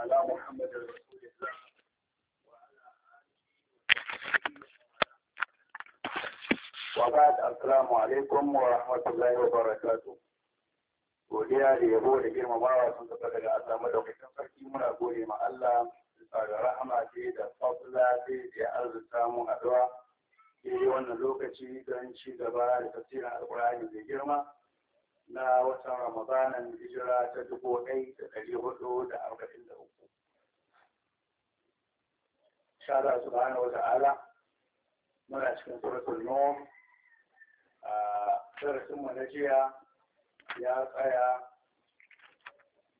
على محمد رسول الله وبعد السلام عليكم ورحمة الله وبركاته godiya da yabo da girmamawa sun tafi daga Allah sarki muna gode ma Allah bisa ga rahama da fadla ya arzuta mu addu'a daidai wannan lokaci don ci gaba da tafsirin alkur'ani da girma na watan ramadanan hijira ta dubu ɗai da ɗari hudu da arba'in da uku sha za su gane wata ala muna cikin suratul nom a darasin mu na jiya ya tsaya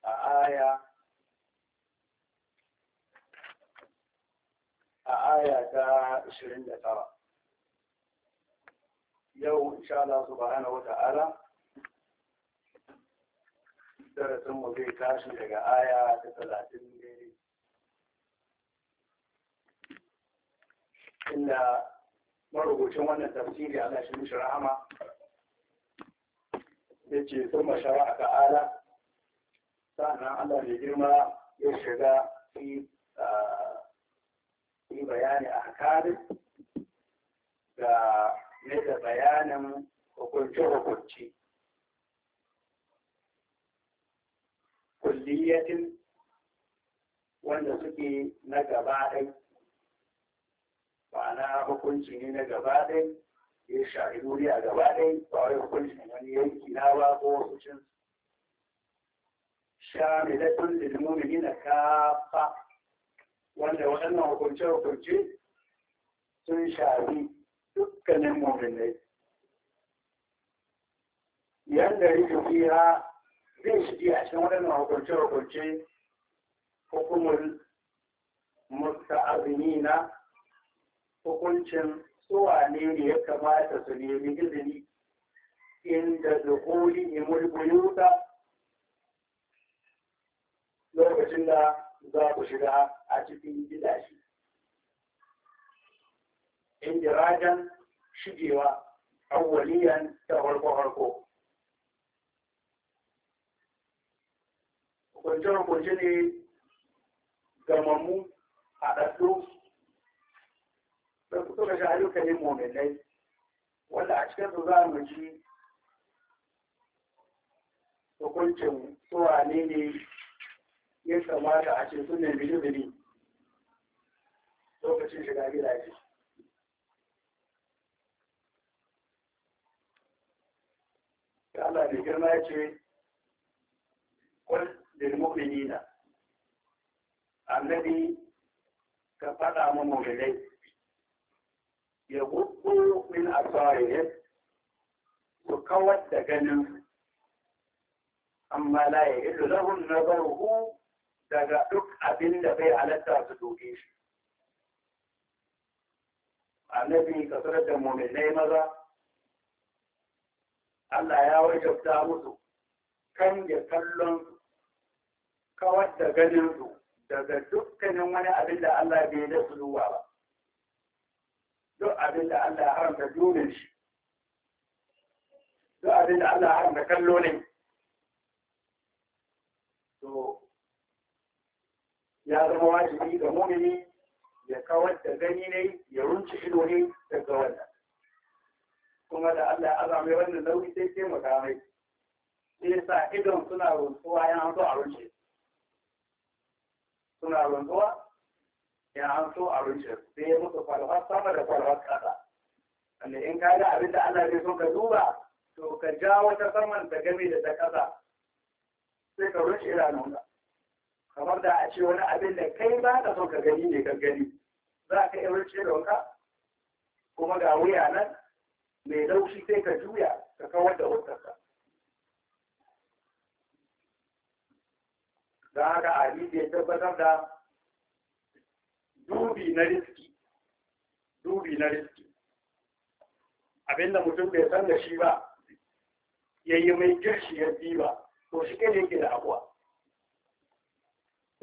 a aya a aya ta 29 yau insha Allah subhanahu wa ta'ala darasin mu zai tashi daga aya ta talatin daidai inda marubucin wannan tafsiri Allah shi mishi rahama ya ce sun mashara a ka'ala sa'annan Allah mai girma ya shiga yi bayani a hakarin da nesa bayanin hukunce-hukunci kulliyatin wanda suke na gaba ɗai ba na hukunci ne na gaba ɗai ya shari wuri a gaba ɗai ba wai hukuncin wani yanki na ba ko wasu cin shamilatun lilmumini na kafa wanda waɗannan hukunce-hukunce sun shari dukkanin mummunai yadda yake fiya zai shige a cikin waɗannan hukunce-hukunce hukumun musta'azimina hukuncin tsowa ne da ya kamata su nemi izini inda dukuli imul buyuta lokacin da za ku shiga a cikin gidashi rajan shigewa awwaliyan ta farko-farko hukunce kwanci ne gamammu a ɗaɗɗu da su suka sha ne momenai wanda a cikin su za mu ji hukuncin suwa ne ne ya kamata a cikin sunan bilibili lokacin shiga gidaje. ala da girma ce, للمؤمنين الذي كفر أمم إليه يغض من أسرائه وكوت دجنه أما لا يهل له نظره دجأك أبن دبي على التابدوكيش النبي كثرة المؤمنين ماذا الله يا وجب تابوتو كم يكلم kawar da ganin su daga dukkanin wani abin da Allah bai da su ruwa ba duk abin da Allah haramta dole shi duk abin da Allah haramta kallo ne to ya zama wajibi ga mumini ya kawar da gani ne ya runce ido ne daga wannan kuma da Allah ya azame wannan nauyi sai sai mu mai sai sa idon suna runtuwa yana so a runce suna runduwa ya an so abincin sai ya musu falwa sama da falwa kasa wanda in ka ga abin da ana so ka duba to ka ja wata saman ta game da ta kasa sai ka rushe nuna kamar da a ce wani abin da kai ba ka so ka gani ne ka gani za ka iya rushe idanunka kuma ga wuya nan mai laushi sai ka juya ka kawar da wutarsa da haka da ya tabbatar da dubi na riski dubi na riski abinda mutum bai san da shi ba yayi mai kirshi ya ba to shi ne yake da akwa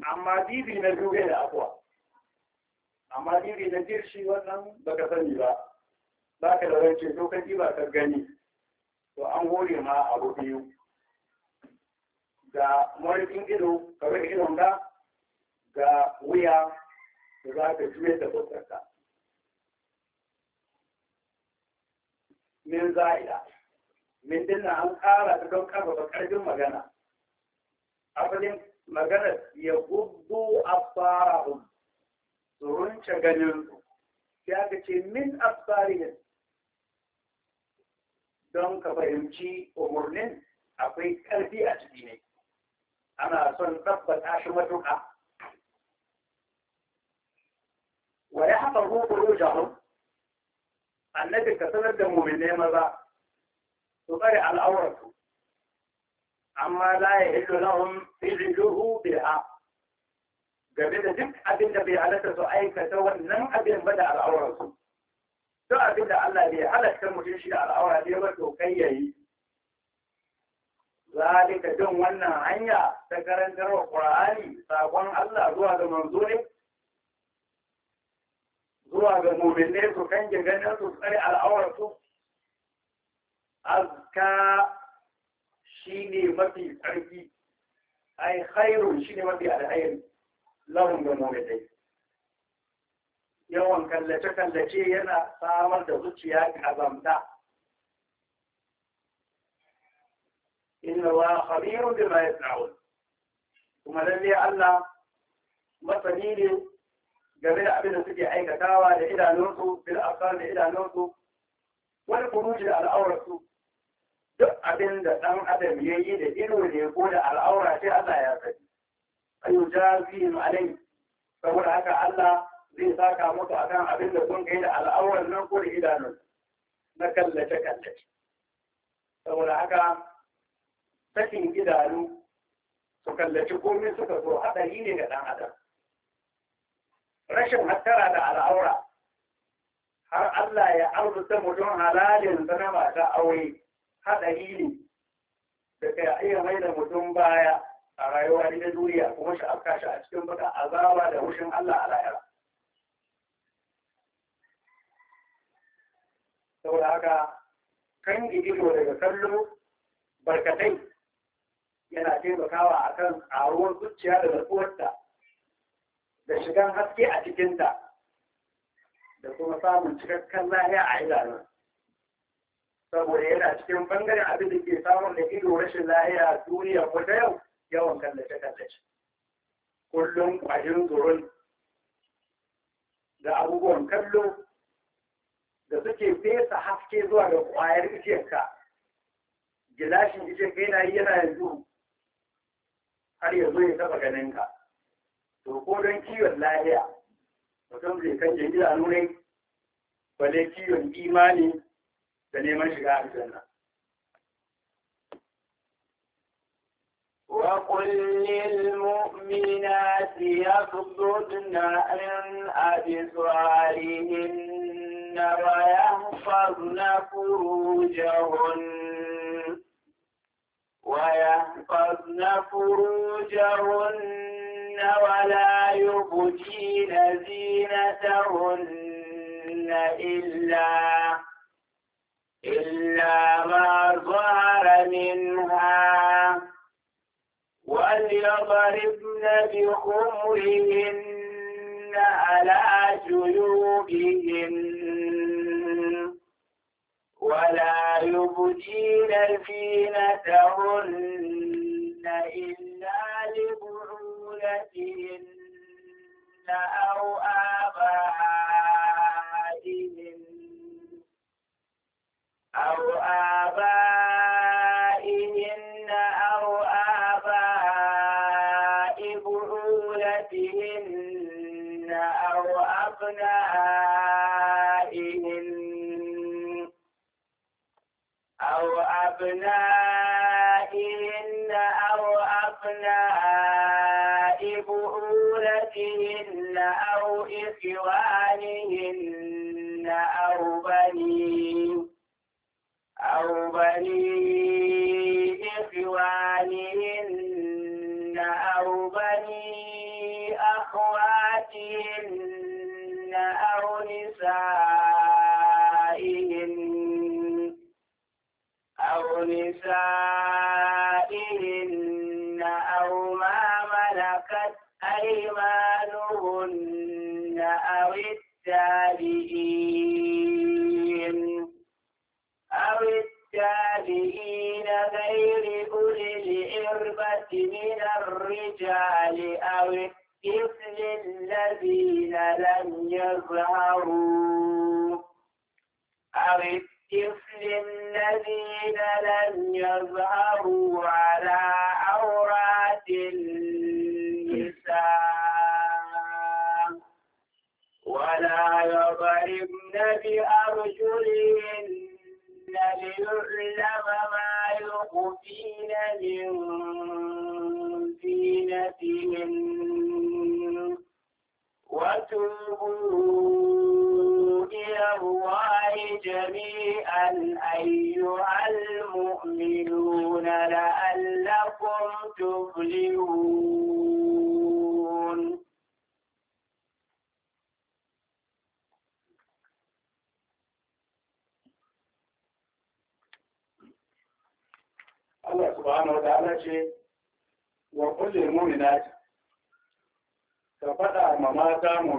amma dibi na biyu da akwa amma dibi na kirshi wannan baka sani ba za ka da rance to ka ba ka gani to an hore ma abu biyu ga mawarikin ido ka rufe idon ga ga wuya da za ka juya da fuskarka min za'ida min dinna an ƙara ta don ƙarfafa ƙarfin magana abin magana ya gudu a farahun tsoronce ganin su. ya ka ce min absarihin don ka fahimci umarnin akwai ƙarfi a ciki ne ana son tabbata shi matuƙa wa ya haɓa rukuru jahun annabi ka sanar da mu muminai maza su tsare al'awarsu. amma la ya hillu lahum fi'luhu biha game da duk abin da bai halatta su aikata wannan abin ba da al'awarsu. duk abin da Allah bai halatta mutum shi da al'aura ba to kai yayi zalika bin wannan hanya ta karantar wa Qur'ani sakon Allah zuwa ga manzo ne zuwa ga mummune su kan ganin su tsare al'awarsu azka shi ne mafi tsarki ai khairun ne mafi alkhairi lahun ga mummune yawan kallace kallace yana samar da zuciya ga azamta inna wa khabirun bima yasnaun kuma lalle Allah masani ne game da abin da suke aikatawa da idanunsu bil afkar da idanunsu wani kuruji da al'aurarsu duk abin da ɗan adam ya yi da ido ne ko da al'aura sai Allah ya sani ayu jazihim alai saboda haka Allah zai saka musu akan abin da sun kai da al'aurar nan ko da idanun na kallace kallace saboda haka sakin idanu su kallaci komai suka zo haɗari ne ga ɗan adam rashin hattara da al'aura har Allah ya arzuta mutum halalin ba ta aure haɗari ne da kai iya mai da mutum baya a rayuwa ne na duniya kuma shi afka shi a cikin baka azaba da wushin Allah a lahira. Saboda haka kan ido daga kallo barkatai yana taimakawa a kan ƙaruwar zuciya da nutsuwarta da shigan haske a cikinta da kuma samun cikakken lahiya a idanun saboda yana cikin bangaren abin da ke samun da ido rashin lahiya duniya ko ta yau yawan kallace kallace kullum kwajin tsoron da abubuwan kallo da suke fesa haske zuwa ga ƙwayar ijiyarka gilashin ijiyarka yana yi yana yanzu har yanzu ya taba ganin ka to ko don kiwon lahiya mutum zai kan je gida nunai bale kiwon imani da neman shiga aljanna وقل للمؤمنات يغضضن عن أبصارهن ويحفظن فروجهن ويحفظن فروجهن ولا يبدين زينتهن إلا إلا ما ظهر منها وليضربن بخمرهن على جيوبهن ولا يبدين زينتهن إلا لبعولتهن أو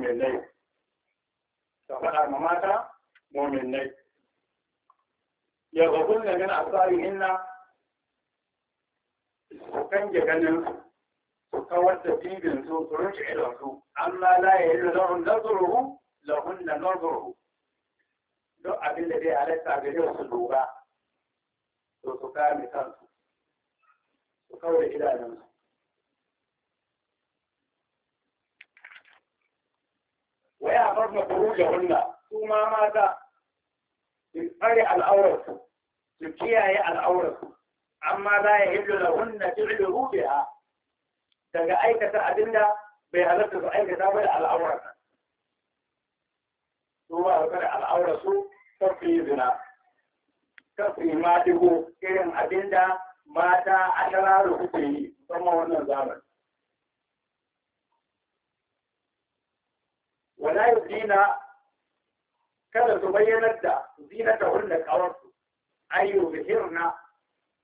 muminai ka faɗa ma mata muminai Yau ga kunna min asari inna su kange ganin su kawar da bibin su su rinke idon su amma la ya yi da lahun nazuruhu lahun da nazuruhu don abin da dai halatta gare su duba, to su kame kansu su kawar idanunsu waya farna hunna su ma mata su tsare al'aurarsu su kiyaye al'aurarsu amma za ya hillu hunna fi'lu rubiha daga aikata abinda bai halatta su aikata ba da al'aurata, su ma su tsare al'aurarsu kar su yi zina kar su yi irin abinda mata a shararu kuke yi musamman wannan zamani ولا يبدين كذا تبين لدى زينة هن كورسو أي يبهرن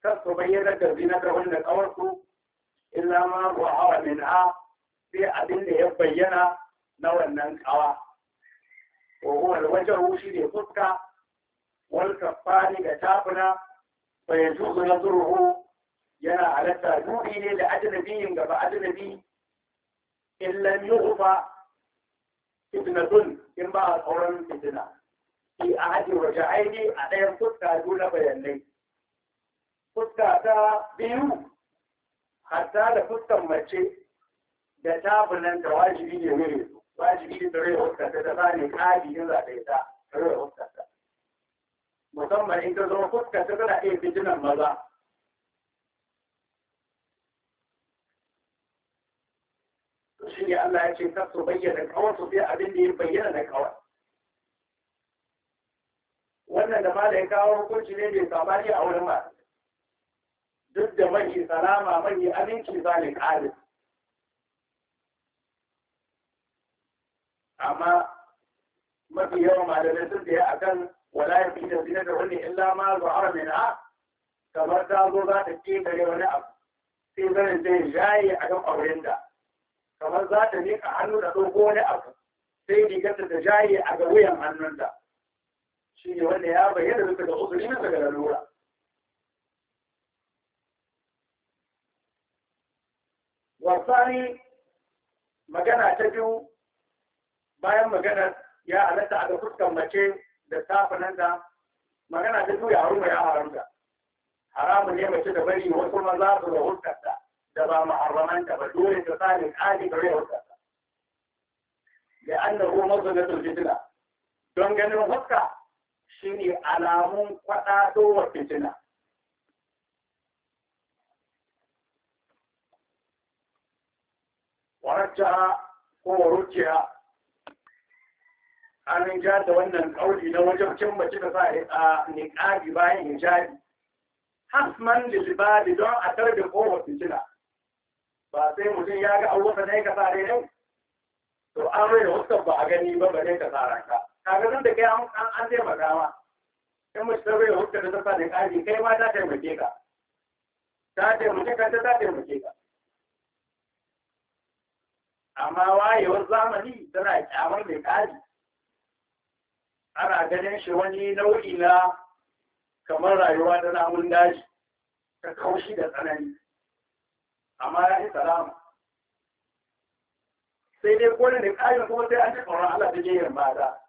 كذا تبين لدى زينة هن كورسو إلا ما هو منها في أدل يبين نوى النكوى وهو الوجه وشيد يفتك والكفار يتابنا فيجوز نظره ينا على تاجوري لأجنبي قبل أجنبي إن لم يغفى fitnatun in ba a tsoron fitina shi a haji waje aini a ɗayan fuska na bayanai fuska ta biyu hatta da fuskan mace da ta bunan da wajibi ne mere su wajibi ne tsare fuskar ta ta ne kadi yin zaɓe ta tsare fuskar ta musamman in ta zo fuskar ta tana iya fitinan maza shi ne Allah ya ce kar su bayyana kawar su sai abin da ya bayyana da kawar wannan da ma da ya kawo hukunci ne bai samari a wurin ba duk da mai salama mai aminci zalin ƙalin amma mafi yawan malamai sun tsaye a kan walayar fi da zinar da wani illa ma zuwa min a kamar ta zo za ta ke gare wani abu sai zanen zai jaye a kan auren da kamar za ta miƙa hannu da ɗauko wani abu sai rigarta ta jaye a ga wuyan hannunta shi ne wanda ya bayyana da uku usuri bisa ga lura wasani magana ta biyu bayan magana ya halatta a ga fuskan mace da da magana ta biyu ya haruma ya haramta haramun ne mace da bari wasu maza su da huskarta ده بقى محرمانك بدون انتقال الحالي بعيوتا لأنه مصدر الفتنة don ganin haka shi ne alamun kwaɗaɗowar fitina. Waracca ko rukiya an ja da wannan ƙauli na wajen cin mace da sa a niƙabi bayan hijabi. Hasman lilibadi don a tarbe kowar fitina. ba sai mutum ya ga abubuwa da ka sare ne to an rai wasu ba a gani ba ba ne ka sara ka kaga nan da kai an an taimaka ma in mace ta bai hukka da sassa da ƙari kai ma ta taimake ka ta taimake ka ta taimake ka amma wayewar zamani tana kyamar mai ƙari ana ganin shi wani nau'i na kamar rayuwa da namun daji ta kaushi da tsanani amma ya yi salama sai dai kone da ƙarin kuma sai an ji tsoron Allah ta gehen mata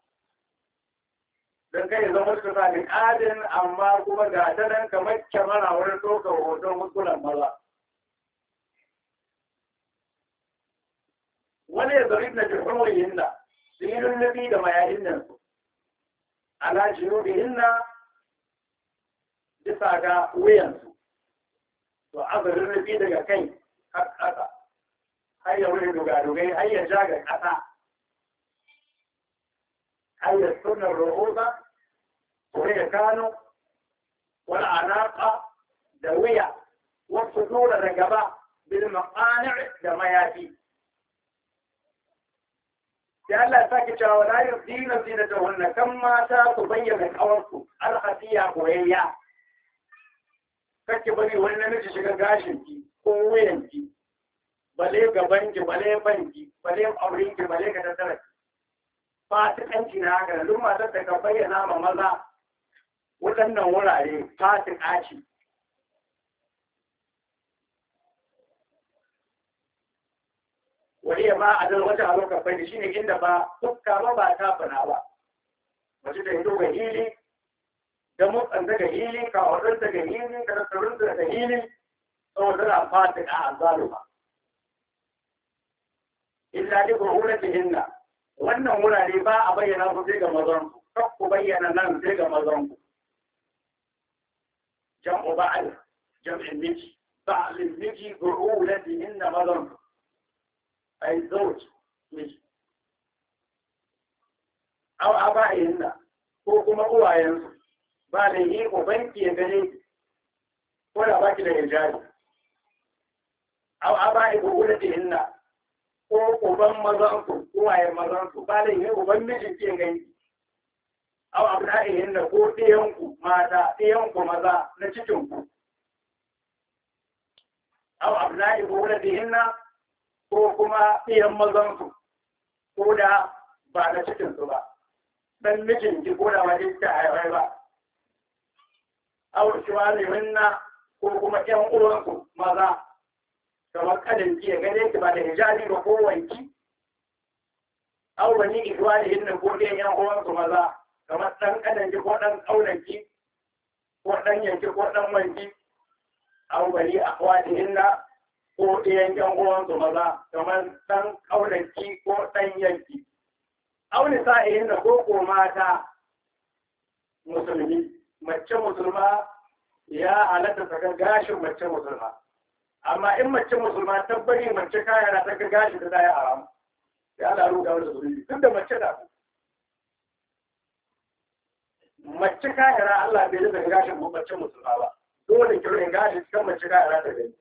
don kai zama su sami da amma kuma ga ta nan kamar kyamara wurin ɗaukar hoton muskulan maza wani ya zari na jirgin yinna sun yi lullubi da mayayin nan su ala jirgin yinna bisa ga wuyansu to azurin rufi daga kai har ƙasa har ya wuri dugadugai har ya ja ga ƙasa har ya sunan rahosa ko ya kano wani alaƙa da wuya wasu tura da gaba bil maqani da mayafi sai Allah ya sake cewa la yurdina zinatahunna kan mata su bayyana kawarsu alhasiya koyayya kake bari wani namiji shiga gashin ki ko wuyan ki bale gaban ki bale banki bale auren ki bale ga ta kanki na haka duk ma da ka bayyana ma maza wadannan wurare ta kaci wani ma a dal wata a lokacin shi ne inda ba dukka ba ba ta fana ba wace da hito ga hili damutsan daga hili kawarin daga hili karkarin daga hili sau tana fata a azaluma illa ni ko hura ta hinna wannan wurare ba a bayyana ku sai ga mazan ku kar ku bayyana nan sai ga mazan ku jam'u ba'al jam'in miji ba'al miji gu'ula ta hinna mazan ku ai zauj miji aw aba'ihinna ko kuma uwayensu ba da iko banki ya gane ki ko da ba ki da hijabi aw aba'i ko ulati hinna ko uban mazan ku ko wayar mazan ku ba da yi uban mijin ki gane ki aw abna'i hinna ko ɗiyan ku mata ɗiyan ku maza na cikin ku aw abna'i da ulati hinna ko kuma ɗiyan mazan ku ko da ba na cikin su ba dan mijin ki ko da ba ta haifai ba aurkiwa ne wanna ko kuma ƴan uwanku maza kamar kanin ki ya gane ki ba da hijabi ba ko wanki aurani ki ne yin ko ɗan ƴan uwanku maza kamar ɗan kanin ki ko ɗan ƙaunanki ko ɗan yanki ko ɗan wanki aurani a kwani inna ko ɗayan ƴan uwanku maza kamar ɗan ƙaunanki ko ɗan yanki auni sa'in da ko ko mata musulmi mace musulma ya halatta saka gashin mace musulma amma in mace musulma ta bari mace kaya na ta gashin da zai haram ya ala ruga wani zuri duk da mace da mace kaya Allah bai da gashin mace musulma ba dole ki rin gashin kan mace kaya ta gani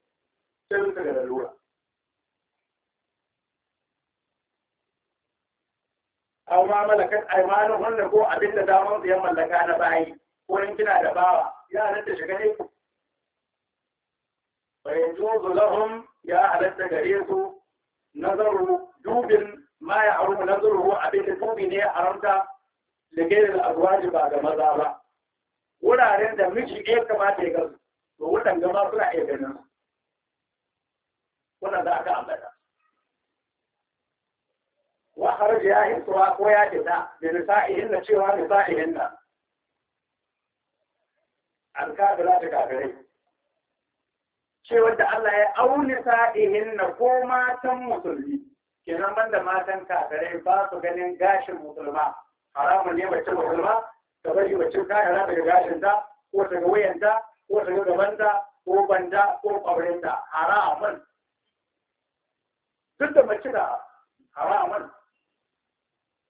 sai ta ga lalura aw ma malakat aymanuhunna ko abinda damar su ya mallaka na bayi ko kina da bawa ya halatta shiga ne bayan juzu lahum ya halatta gare su nazaru dubin ma ya harumu nazaru abin da dubi ne a ranta da gairar azwaji ba ga maza ba wuraren da miji ɗaya kamata ya gasu to wutan gama suna iya ganin wannan za a ga ambata wa kharaja ya hisuwa ko ya fita da nisa'ihin na cewa nisa'ihin na alkafira da kafirai ce wadda Allah ya auni sa'ihin na ko matan musulmi kenan banda matan kafirai ba su ganin gashin musulma haramun ne bacci musulma ta bari kaya kafira daga gashinta ko daga wayanta ko daga gabanta ko banda ko kwabrinta haramun duk da mace da haramun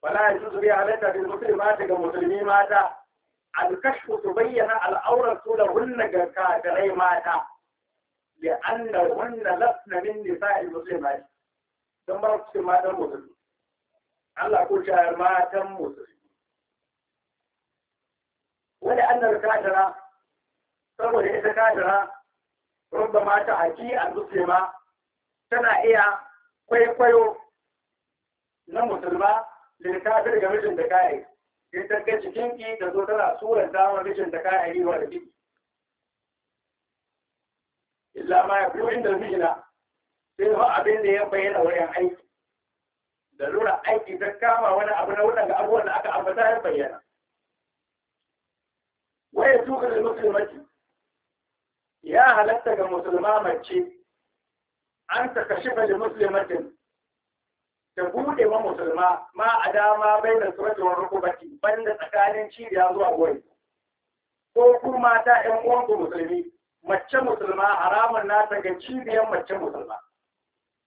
wala ya zuzu ya halatta da musulma daga musulmi mata alkashfu su bayyana al'aurar su da hunna ga kafirai mata da an da hunna lasna min nisa'il muslimai don ba su matan musulmi Allah ko ta matan musulmi wani annar kafira saboda ita kafira rubba mata aki al muslima tana iya kwaikwayo na musulma da kafir ga mijin da kai in ta ga cikin ki ta zo tana suran dama mijin ta kayan riwa da ciki illa ma ya biyo inda mijina sai ba abin da ya bayyana wurin aiki da lura aiki ta kama wani abu na wurin abubuwan da aka ambata ya bayyana waye tuka da musulmanci ya halatta ga musulma mace an ta kashi da musulmancin da bude wa musulma ma a dama bai da suratewar rukubati banda tsakanin cibiya zuwa gori ko kuma ta ‘yan uwanku musulmi mace musulma haramun na daga cibiyar mace musulma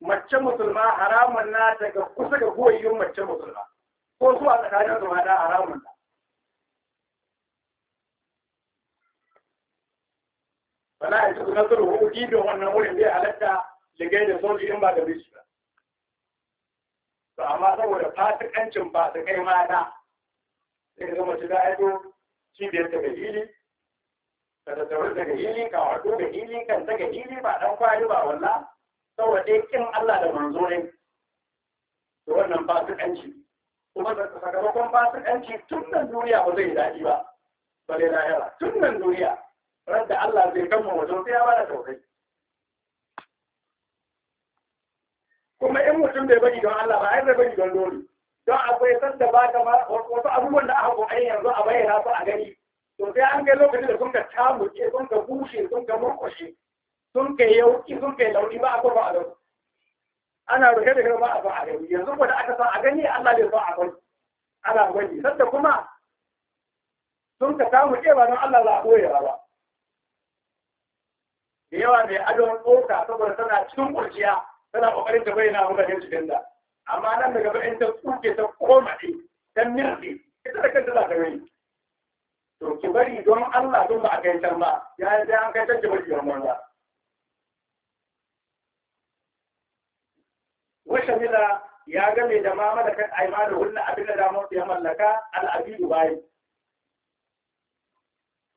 mace musulma haramun na daga kusa da goyiyin mace musulma ko zuwa tsakanin su hada haramun na Bala ya ci su nasarar hukki don wannan wurin bai halatta da gaida sojojin in ba da bishi ba to amma saboda fasikancin ba su kai na sai ka zama shiga aiko cibiyar ta ga hili ka da tsaro daga hili ka wato ga hili kan daga hili ba dan kwari ba wallah saboda dai kin Allah da manzo ne to wannan fasikanci kuma sakamakon fasikanci tun nan duniya ba zai daɗi ba na lahira tun nan duniya da Allah zai kama wajen sai ya bada tausayi kuma in mutum bai bari don Allah ba ai bai bari don dole don akwai san da ba ta wasu abubuwan da aka koyi yanzu a bayyana su a gani to sai an ga lokacin da sun ka ke sun ka bushe sun ka murkushe sun ka yauki sun ka launi ba a ko ba a gani ana rufe da ba a ba a gani yanzu ko da aka san a gani Allah bai so a gani ana gani sanda kuma sun ka ke ba don Allah za a koyi ba da yawa mai adon tsoka saboda tana cikin kurciya tana kokarin ta bayyana mutane su da amma nan daga bayan ta kuke ta koma ɗin ta mirɗe ita da kanta za ta yi. to ki bari don Allah don ba a kai can ba ya da an kai can ki bari don Allah ya game da ma malakar ma da wannan abin da damar ya mallaka al'abidu baya.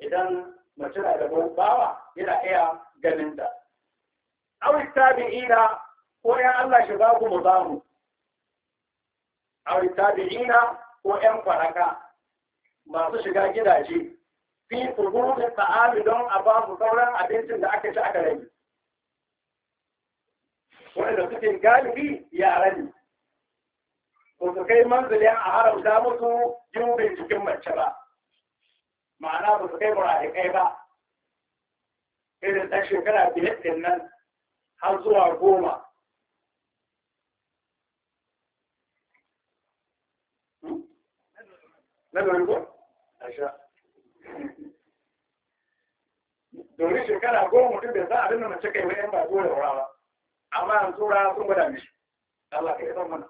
idan mace na da bawa yana iya ganin ta awi tabi'ina ko Allah shi za ku mu za mu, a tabi'ina ko ‘yan faraka masu shiga gidaje, fi da ta'ami don a ba su sauran abincin da aka ci aka rage. Wanda suke galibi yara ne, ko su kai manzilin a haramta musu yin binciken mace ba, ma'ana ba su kai murahikai ba, irin ɗan shekara biyar ɗin nan har zuwa goma. na da ko a sha domin shekara goma mutum bai za a da mace kai wani ba zo da wurawa amma an tura sun gwada mishi Allah ka yi san mana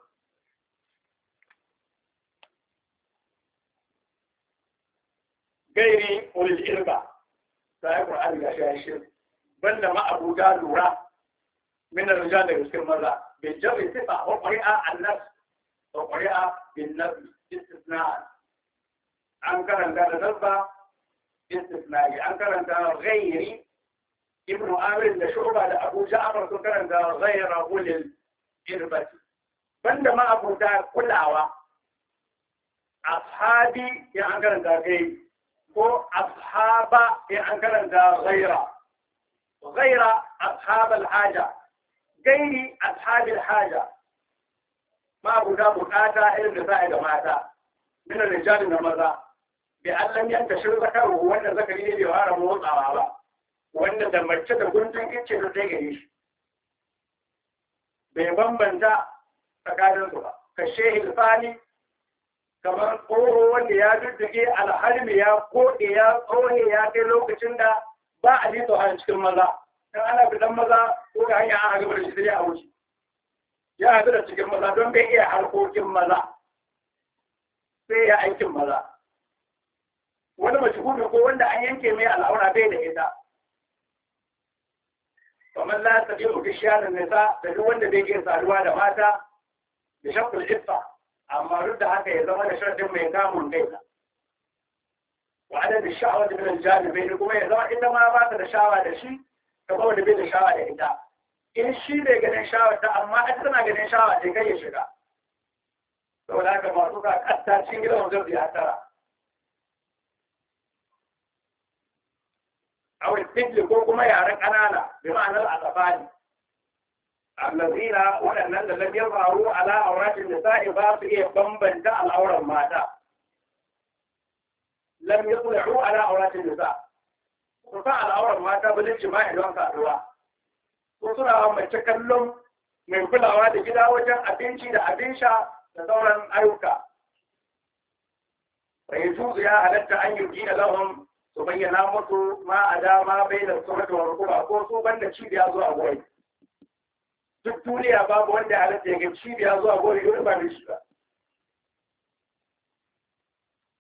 gairi ulil irba ta yi ƙwar'an ga shi shi banda ma'abuga lura min rijal da gaskiyar maza bai jabe sifa wa ƙwari'a annas wa ƙwari'a bin nabi istisna'an an karanta da dabba istisnai an karanta ghairi ibn amir da shu'ba da abu ja'far sun karanta ghaira ulil irbati banda ma abuta kulawa ashabi ya an karanta gai ko ashaba ya an karanta ghaira ghaira ashab al-haja gairi ashab al-haja ma abuta bukata irin da sa'i da mata min rijal da maza bi Allah ya ta shirza karo wanda zakari ne bai fara motsawa ba wanda da mace da guntun ice da sai gare shi bai bambanta tsakanin su ba ka shehi kamar tsoro wanda ya dudduke alharmi ya koɗe ya tsone ya kai lokacin da ba a lito a cikin maza in ana fitan maza ko ga hanya an gaba da shi sai ya wuce ya haɗu da cikin maza don bai iya harkokin maza sai ya aikin maza wani kuma ko wanda an yanke mai al'aura bai da ita kamar na ta bi mutu nisa da duk wanda bai ke saduwa da mata da shakul iffa amma duk da haka ya zama da sharadin mai kamun kaina wa adadin sha'awa da jami'ai da kuma ya zama inda ma ba ta da shawa da shi ta kuma da bai da sha'awa da ita in shi ne ganin sha'awa ta amma a tana ganin shawa ta kai ya shiga saboda haka masu ka kasta cikin gidan wanzar da ya tara Aure figi ko kuma yaran kanana mai ma'anar a tsaftace. A Nazira, waɗannan da Lam ya faru a la'auratan da Sa'a ba mata. Lam ya tsuyi al'auratan da Sa'a. Ku san al'auran mata bananci ma'aidanku a zuwa. Su suna amince kallon mai kulawa da gida wajen abinci da abin sha ta sauran ayyuka. Me jutsu ya halatta an girbi alamomi? su bayyana musu ma a dama bai da surata wa rukuba ko su banda cibiya zuwa gori duk duniya babu wanda halatta ya ga cibiya zuwa gori yau ba da shi ba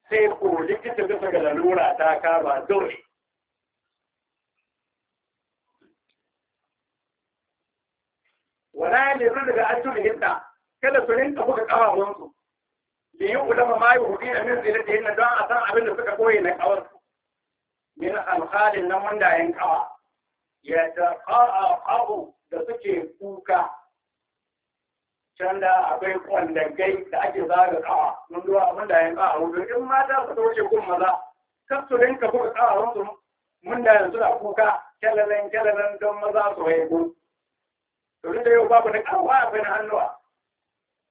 sai ko likita bisa ga lalura ta kama dole wala ne zan daga ajiyar hinta kada su rinka buga kawawansu da yi ulama ma yi hudu na min zai da don a san abin da suka koyi na kawar min alhalin nan wanda yan kawa ya da ƙa'aƙa'u da suke kuka can da akwai kwandagai da ake zaga kawa mun zuwa abin da yan kawa wuce in mata su wuce kun maza kar su rinka buga kawa wasu mun da yanzu da kuka kyalalan kyalalan don maza su haihu to da yau babu da kawa a bin hannuwa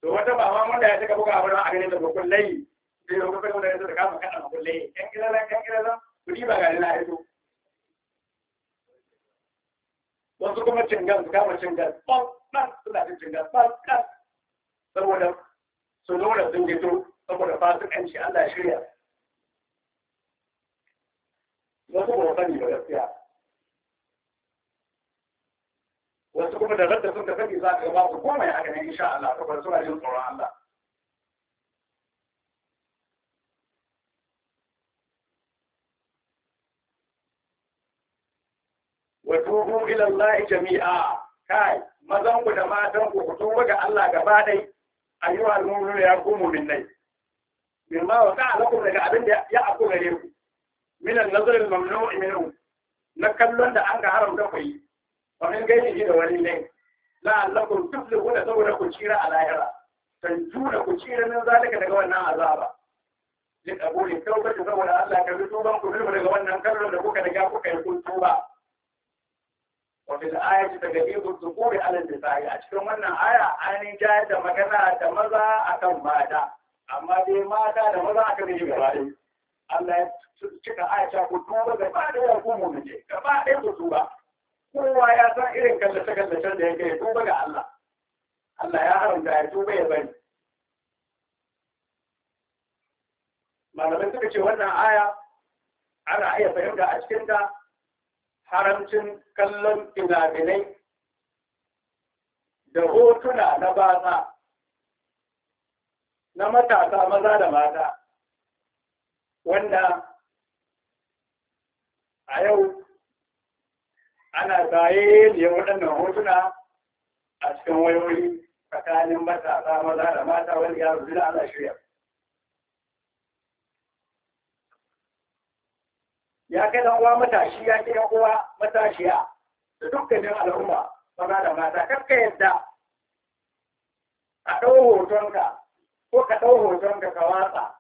to wata ba ma mun da ya taka buga abin a ganin da bakullai da yau kuma da yanzu da kama kaɗan bakullai yan kyalalan yan kyalalan kuɗi ba gari na haito wasu kuma cingan su kama cingan ɓan suna cin cingan ɓan saboda su lura sun gito saboda fasikanci Allah shirya wasu ba sani ba gaskiya wasu kuma da radda sun ka sani za ka gaba su komai haka ne insha Allah saboda suna jin tsoron Allah wa tubu ila Allah jami'a kai mazan ku da matan ku ku tuba ga Allah gaba dai ayyuha al-mu'minu ya ku Min ma wa ka ku daga abin da ya aku gare ku min an-nazr al mamnu minhu na kallon da an ga haramta ku yi wa min ji da wani ne la'allakum da saboda ku tsira a lahira tantuna ku tsira nan zalika daga wannan azaba din abulin tauba saboda Allah ka bi tuban ku daga wannan kallon da kuka daga kuka yi kun tuba وفي الآية تجديد الذكور على النساء أشكر من آية أن جاء مكانا تمزا أكم مادا أما دي مادا تمزا أكم يجب Allah ya cika Aisha ku tuba gaba da ya ku ne ka ba da ku tuba kowa ya san irin kallace kallace da yake tuba ga Allah Allah ya haramta ya tuba ya bari malamai suka ce wannan aya ana iya fahimta a cikin ta haramcin kallon finafinai da hotuna na baza na matasa maza da mata wanda a yau ana tsaye ne waɗannan hotuna a cikin wayoyi tsakanin matasa maza da mata wani ya zina ana shirya ya kai dan uwa matashi ya kai uwa matashiya da dukkanin al'umma maza da mata kakka yadda a ɗau hotonka ko ka ɗau hotonka ka watsa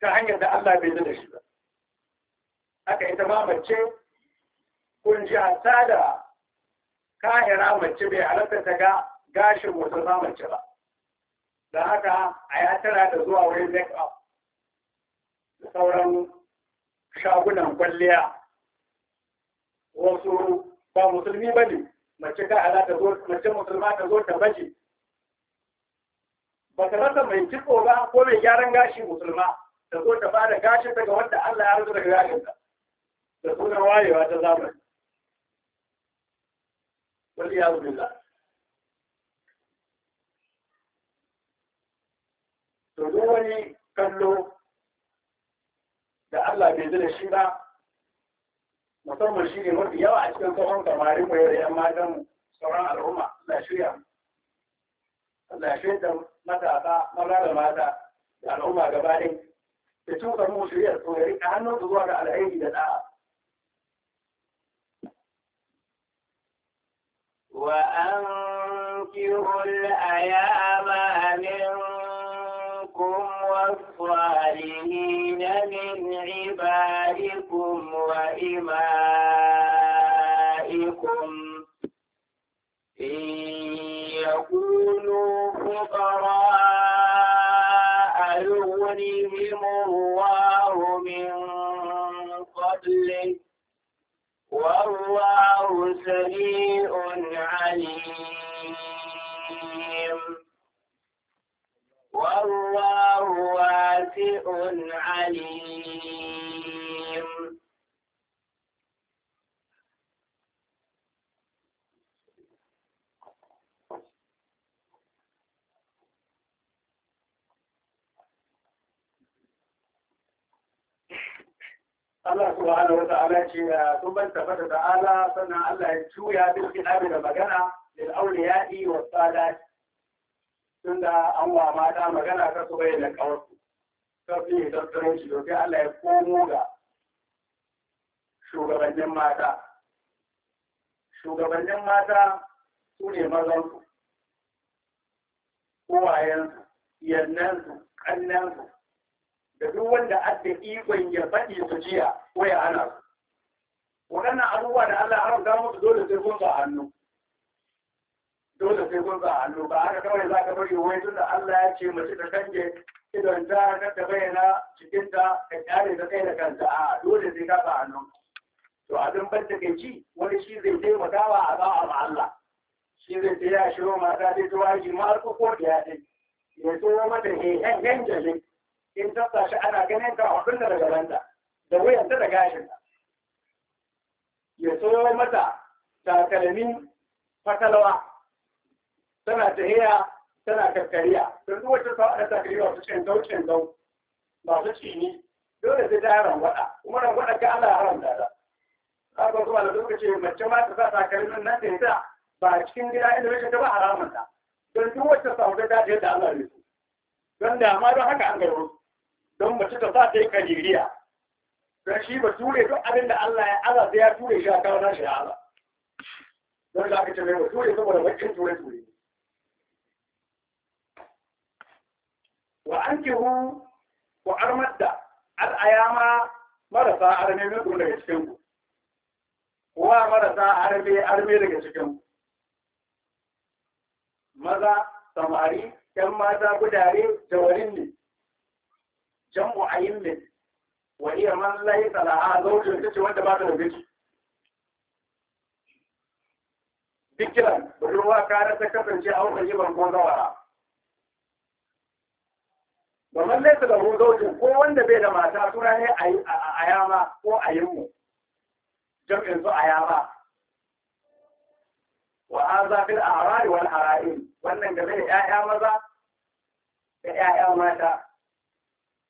ta hanyar da Allah bai da shi ba haka ita ma mace kun ji da kahira mace bai halatta ta ga gashin wata ma ba Da haka a ya tara da zuwa wurin make up sauran shagunan kwalliya wasu ba musulmi ba ne mace ka ala zo mace musulma ta zo ta baje ba ta rasa mai kitso ba ko mai gyaran gashi musulma ta zo ta bada gashi daga wanda Allah ya rasa daga gashin ta da sunan wayewa ta zamani ya iyadu za to duk wani kallo da Allah bai zai shi ba musamman shi ne mafi yawa a cikin tsohon kamarin mu da yan matan sauran al'umma Allah shirya Allah ya shirya matasa maza da mata da al'umma gaba ɗaya da cin mu shirya su ya rika hannun su zuwa ga alheri da da'a وأنكروا الآيات وراء ذنهم الله من والله سميع عليم subhanahu wa ta'ala ce sun ban tabbata ta'ala sannan Allah ya juya duk kitabi da magana lil awliya'i wa sadat an wa mata magana ta su bayyana kawarsu ta fi tattalin shi Allah ya komo ga shugabannin mata shugabannin mata su ne mazansu uwayensu yannansu kannansu da duk wanda adda ikon ya faɗi su jiya ko ya hana su waɗannan abubuwa da Allah haramta musu dole sai kun sa hannu dole sai kun sa hannu ba haka kawai za ka bari wai tunda Allah ya ce mace ta canje idan ta kada bayyana cikin ta ka kyale ta kai da kanta a dole sai ka sa hannu to abin ban ta kai ci wani shi zai wa a ba'a ma Allah shi zai ta ya shiro mata zai tuwa wajen ma ko ko ya ya so mata hehen yan jalin in ta sashi ana ganin ka hudun da gabanta da wuyanta da gashin ya so mata takalmin fatalawa tana tahiya tana kakkariya don duk wata sa'a da takalmi wasu cendau cendau masu cini dole sai ta yi rangwada kuma rangwada ga Allah haram da ta za ka zuwa da lokaci mace ma ta sa takalmin nan da ta ba cikin gida inda mace ta ba haramun ta don duk wata sa'a da ta da Allah ne don da ma don haka an garo don mace ta sa ta yi kajiriya don shi ba ture duk abin da Allah ya aza sai ya ture shi a kawo nashi ya aza don da aka ce mai ture saboda bakin ture ture wa an kihu ku armar da al'ayama marasa arme mutum daga cikin ku kuwa marasa arme arme daga cikin ku maza samari yan mata gudare jawarin ne jam'u ayyimin wa iya man lahi talaha zaujin ta ce wanda ba ta da miji bikiran ruwa kare ta kasance a wata yiban ko zawara ba man laisa da zaujin ko wanda bai da mata tura ne a yama ko a mu, jam'in su a yama wa a zafin a harari wani harari wannan game da 'ya'ya maza da 'ya'ya mata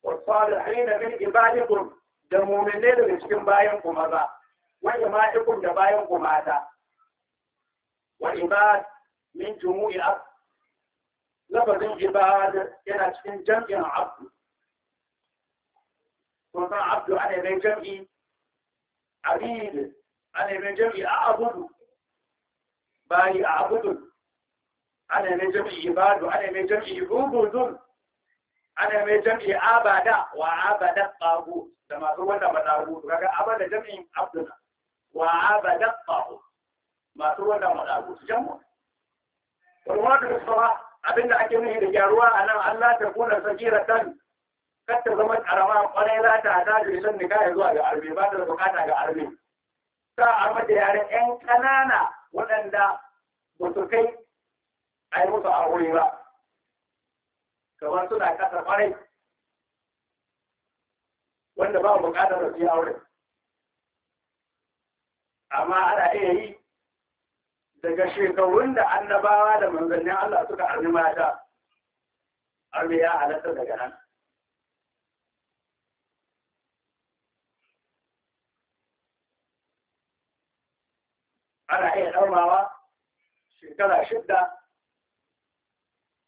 والصالحين من إبادكم دمومنين لسكن بايكم هذا وإمائكم دبايكم هذا وإباد من جموع أب لفظ إباد إلى سكن جمع عبد وما عبد عن ابن جمع عبيد عن ابن جمع أعبد باي أعبد عن ابن جمع إباد وعن ابن جمع عبود ana mai jam'i abada wa abada tsago da masu wanda ba tsago kaga abada jam'in abduna wa abada tsago masu wanda ba tsago su jam'u walwa da sawa abinda ake nufi da gyaruwa a nan Allah ta kuna sagira tan kar ta zama karama kwarai za ta hada da san ya zuwa ga arme ba ta bukata ga arme ta arma da yaran yan kanana waɗanda ba su kai a yi musu aure ba kamar suna ƙasa kwarai wanda ba buƙatar su yi aure amma ana iya yi daga shekarun da annabawa da manzannin Allah suka arni mata arni ya halatta daga nan ana iya ɗaumawa shekara shidda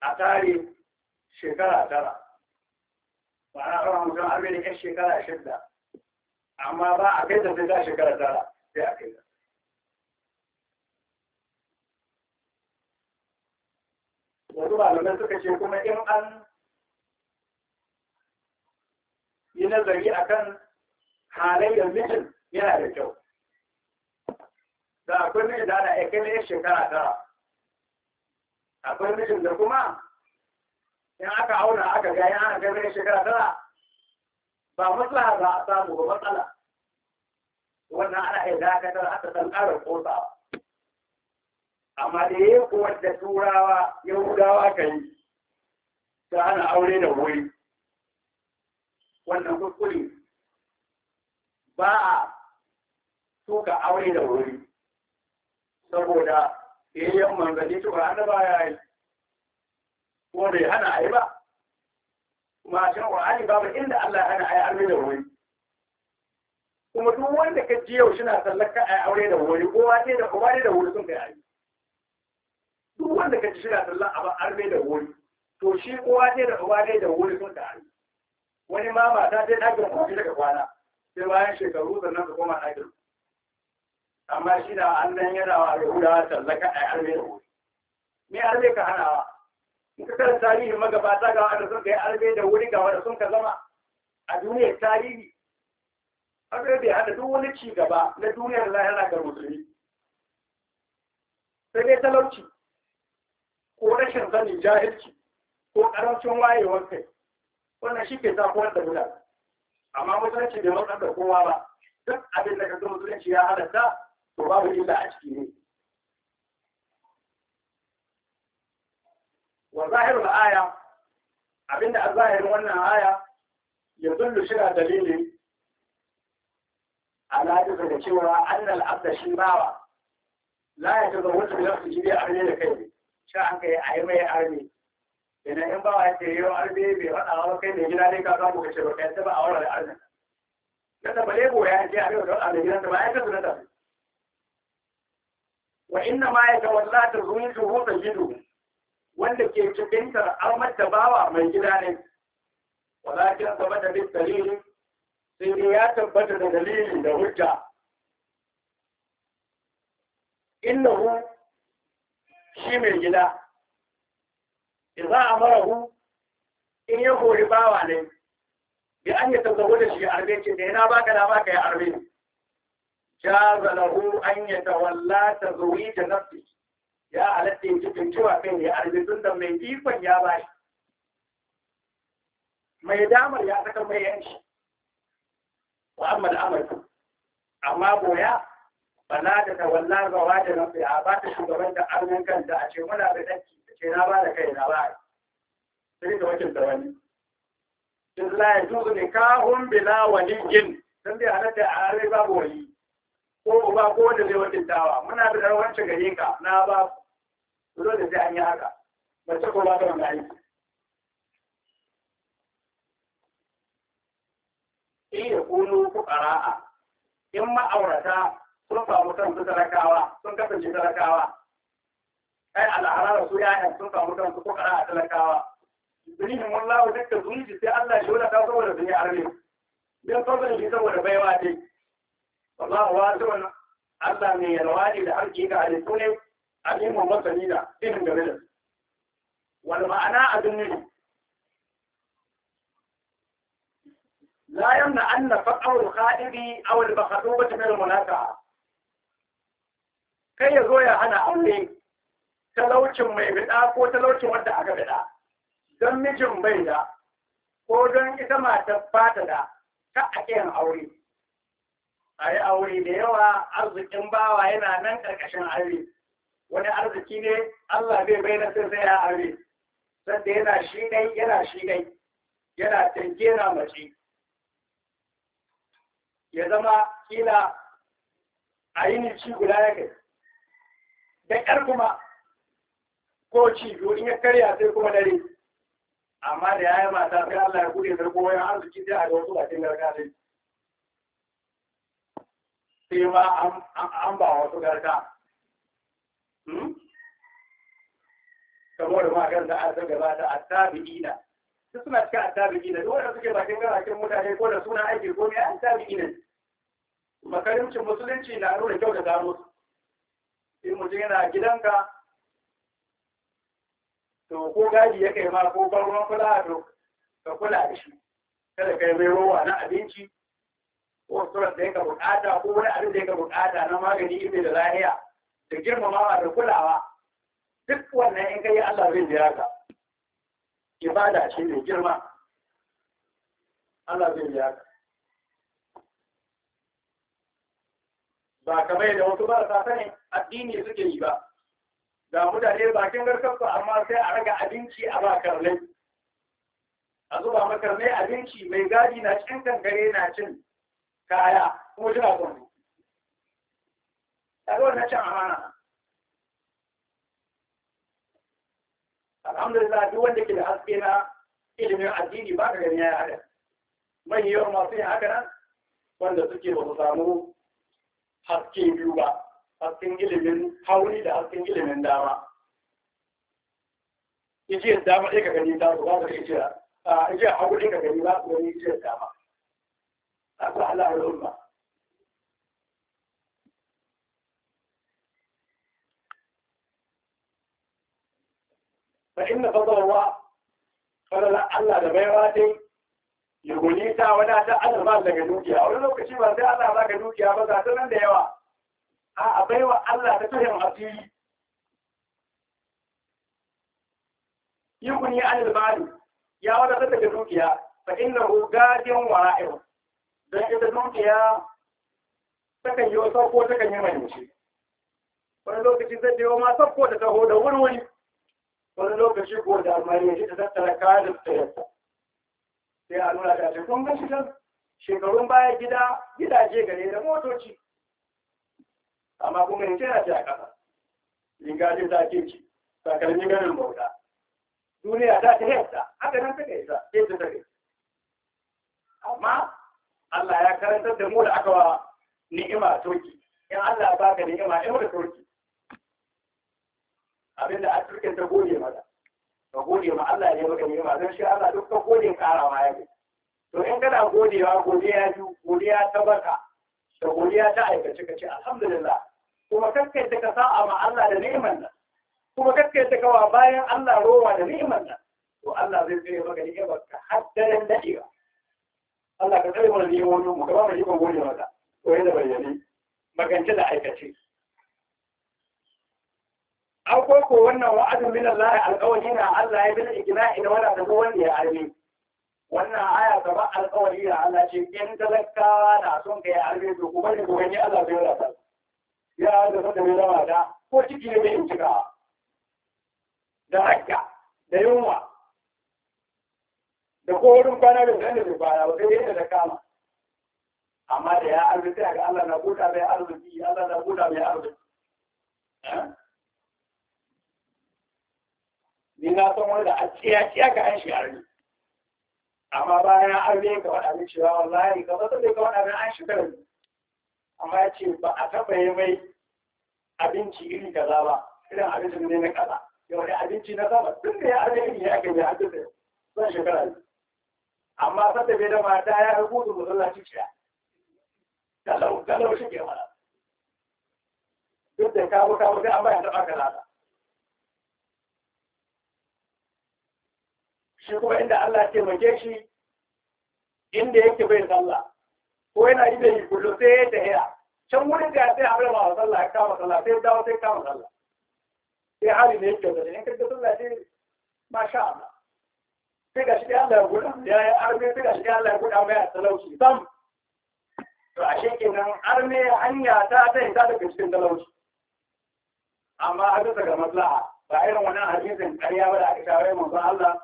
a tare shekara tara ba a kama mutum abin yan shekara shidda amma ba a kai da sai ta shekara tara sai a kai da wasu malamai suka ce kuma in an yi nazari akan halayyar mijin yana da kyau da akwai mijin da ana kai na yan shekara tara akwai mijin da kuma in aka auna aka ga ya ana ganin shekara tara ba matsala za a samu ba matsala wannan ana iya dakatar aka san ƙarin kosawa amma da ya ko wadda turawa yahudawa ka yi ta ana aure da wuri wannan kuskure ba a tuka aure da wuri saboda yayyan manzanni tuka ba ya yi kuma bai hana a yi ba kuma a cikin ƙwa'ani babu inda Allah ya hana a yi aure da wuri kuma duk wanda ka ji yau shina sallar ka a yi aure da wuri ko wace da kuma da wuri sun kai aure duk wanda ka ji shina sallar a ba aure da wuri to shi ko wace da kuma da wuri sun kai aure wani ma mata ta ɗakin kwanci daga kwana sai bayan shekaru sannan ka koma ɗakin amma shi na annan yana wa yahudawa sallaka a yi aure da wuri me aure ka hanawa in tarihi magabata ga wanda sun kai arbe da wuri ga wanda sun ka zama a duniyar tarihi da ya hada duk wani ci gaba na duniyar lahira ga musulmi sai dai talauci ko rashin sani jahilci ko karancin wayewar kai wannan shi ke sa kowar da mutane amma musulunci bai matsar da kowa ba duk abin da ka zo musulunci ya halatta to babu illa a ciki ne wa zahirul aya abinda a zahirin wannan aya ya zullu shira dalili ala duka da cewa annal abda shi bawa la ya tazo wata da su a arne da kai ne sha an kai a yi mai arne idan yin bawa ya ce yau arne bai faɗa wa kai ne gida ne ka samu kace ba kai ta ba a wannan arne kada bale bo ya ce arewa da arne gidan ta ba ya kasu na ta wa inna ma ta tazunjuhu tajidu wanda ke cibintar armar da bawa mai gida ne walakin sama da bin dalilin sai ne ya tabbata da dalilin da hujja innahu shi mai gida idza amarahu in ya hori bawa ne bi an ya tabbata da shi arbe ce da yana baka da baka ya arbe jaza lahu an yatawalla tazwij nafsihi ya halatta ya cikin cewa kai ne arzikin da mai ikon ya ba shi mai damar ya saka mai yanci wa amma da amurka amma boya na da tawalla ga wata na fi a bata shugaban da arnin kanta a ce muna da ɗanki da ce na ba da kai na ba sai da wakil da wani in la yajuzu nikahun bila waliyin sun bi halatta a aure babu wani. ko uba ko da zai wakiltawa muna da wancan gare ka na ba dole sai an yi haka mace ko ba ta wanda aiki in ya kunu fuqara'a in ma'aurata sun samu kansu talakawa sun kasance talakawa ai al'ahrar su ya'yan sun samu kansu fuqara'a talakawa zurihin wallahu dukkan zuriji sai Allah shi wadata saboda sun yi arme bin fadlan shi saboda baiwa dai wallahu wasi'un Allah mai yalwa ne da harki, ga halittu ne alimun masanina irin game da su wal ma'ana abin nufi لا يمنع أن فقه الخائب أو المخطوبة من المنافعة kai ya zo ya hana aure talaucin mai bida ko talaucin wanda aka bida don mijin bai da ko don ita matar bata da ka a yin aure a yi aure da yawa arzikin bawa yana nan ƙarƙashin aure wani arziki ne Allah zai bai na sai zai ya aure sanda yana shi ne yana shi ne yana tangera mace ya zama kila a yi ci guda ya kai da ƙar kuma ko ci biyu in ya karya sai kuma dare amma da ya yi mata sai Allah ya kuɗe zarko wani arziki sai a ga wasu bakin garka sai sai ma an ba wasu garka Hmm? saboda ma kan da aka da attabi'ina su suna cikin attabi'ina duk wanda suke bakin garakin mutane ko da suna aiki ko ne attabi'ina makarimcin musulunci na nuna kyau da gano su in mutum yana gidanka to ko gadi ya kai ma ko barwan kula to ka kula da shi kada kai mai rowa na abinci ko surat da ya ka bukata ko wani abin da ya ka bukata na magani ibe da lahiya da girmamawa da kulawa duk wannan in kai Allah zai biya ka ibada shi ne girma Allah zai biya ka ba kamar da wasu ba sa sani addini suke yi ba da mutane bakin garkarsu amma sai a raga abinci a ba karne a zuba makarnai abinci mai gadi na cin kankare na cin kaya kuma jira kwanu. kaga wannan cin amana alhamdulillah duk wanda ke da haske na ilimin addini ba ka gani ya hada manyan masu yin haka nan wanda suke ba su samu haske biyu ba hasken ilimin hauri da hasken ilimin dama ijiyar dama ɗaya ka gani ta su ba ka ijiyar a ijiyar hagu ɗaya ka gani ba su gani ijiyar dama a su Allah ya rumba فإن فضل الله فضل الله da baiwa dai ya goni ta wadata Allah daga dukiya wani lokaci ba sai Allah ba ga dukiya ba za ta nan da yawa a baiwa Allah ta tuhin asiri yukuni an يا ya wadatar daga dukiya fa innahu gadin dukiya takan yi wasu ko takan yi mai wani lokaci zai biyo ma sakko da taho da wurwuri wani lokaci ko da mai ta tattara kayan tsayarsa sai a nuna ta cikin gashi shekarun baya gida gidaje gare da motoci amma kuma yanzu na ce a ƙasa lingajin ta ke ci sakarni ganin bauta duniya za ta yadda haka nan take isa ke ta take amma Allah ya karantar da mu da aka wa ni'ima toki in Allah ya baka ni'ima ya da toki abin da afirkin ta gode mata ka gode ma Allah ya maka nema mazan shi Allah duk ka gode karawa ya ne to in kana godewa godiya biyu godiya ta baka da godiya ta aikace ka ce alhamdulillah kuma kakka yadda ka sa'a ma Allah da neman nan kuma kakka yadda ka wa bayan Allah rowa da neman nan to Allah zai tsaye maka ni'imar ka har daren dadewa Allah ka tsaye mana neman mu ka ba mu ikon gode maka to yadda bayyane magance da aikace an koko wannan wa'adin min Allah alƙawari na Allah ya bin ikina ina wala da wanda ya arme wannan aya gaba alƙawari na Allah ce in talakawa na son kai arme to kuma ne gobe ne Allah zai rasa ya da da mai rawa da ko ciki ne mai cika da hakka da yunwa da korin kwana da zai bai kwana wata yadda da kama amma da ya arziki ga Allah na buɗa mai arziki Allah na buɗa mai arziki eh? ni na san wanda a tsiya tsiya ka an shiga arni amma bayan an ne ga min cewa wallahi ka zata da ga faɗa an shiga arni amma ya ce ba a taɓa yi mai abinci iri kaza ba irin abincin ne na kaza ya wani abinci na zaba duk da ya arni ne aka yi duk da zan shiga arni amma sanda bai da mata ya rubuta masallaci ciya talau talau shi ke mana duk da kawo kawo sai an bayan taɓa ka lada shi kuma inda Allah ce mage shi inda yake bai sallah ko yana yi da yi kullu sai ya tahiya can wurin da sai abin ba sallah ya kama sallah sai dawo sai kama sallah sai hali ne yake da in ka ga sallah sai masha Allah sai ga shi Allah ya gudu ya yi arme sai ga shi Allah ya gudu mai a talauci sam to a shekin kenan arme hanya ta ta yi ta daga cikin talauci amma a bisa ga maslaha ba irin wannan hadisin ƙarya ba da aka shawarar manzon Allah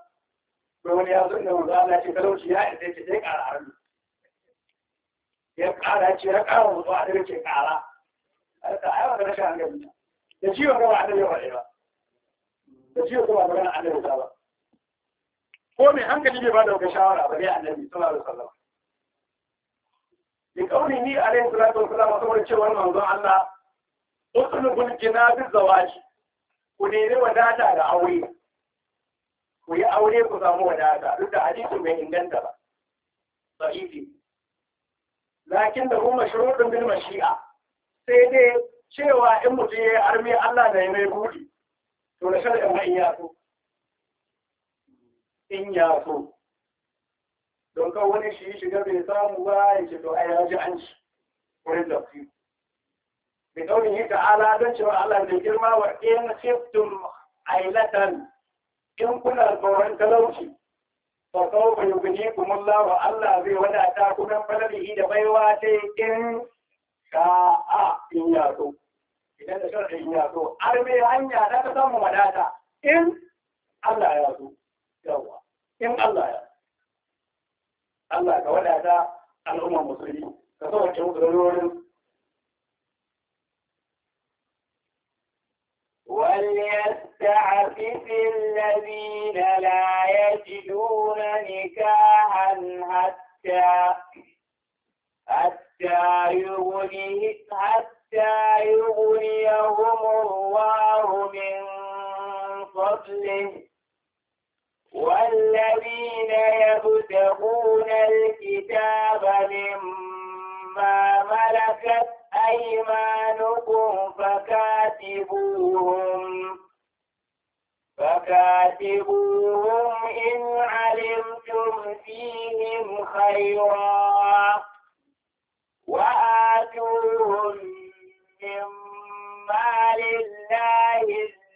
ko wani ya zo inda wanzu Allah ce talauci ya isa ce sai ƙara harbi ya ƙara ce ya ƙara mutu a dare ce ƙara alka ai wanda rashin hankali da ciwon gaba a dare waɗe ba da ciwon gaba ba ganin annabi ta ba ko mai hankali bai ba da wata shawara ba dai annabi sallallahu Ni wasallam bi kaunihi alaihi salatu wasallam saboda cewar wanzu Allah usulul jinabin zawaji ku nemi wadata da aure ku yi aure ku samu wadata duk da hadisi mai inganta ba sahihi lakin da kuma shuruɗin bil mashi'a sai dai cewa in mu ya yi armi Allah na yi mai buɗi to na shar'in ma in ya so in ya so don kan wani shi shiga bai samu ba ya ce to ai raji an ci wurin da ku bi kaunin yi ta'ala don cewa Allah da girma wa in shiftum ailatan in kuna tsoron talauci fa sawfa yughnikum Allah wa Allah zai wadata kuma dan falalihi da baiwa sai in ka a in yato idan da shirka in yato har mai hanya ta ka samu wadata in Allah ya zo yawa in Allah ya Allah ka wadata al'umma musulmi ka sauke musu da وليستعفف الذين لا يجدون نكاحا حتى حتى يغنيه حتى يغنيهم الله من فضله والذين يبتغون الكتاب مما ملكت أيمانكم فكاتبوهم فكاتبوهم إن علمتم فيهم خيرا وآتوهم مما لله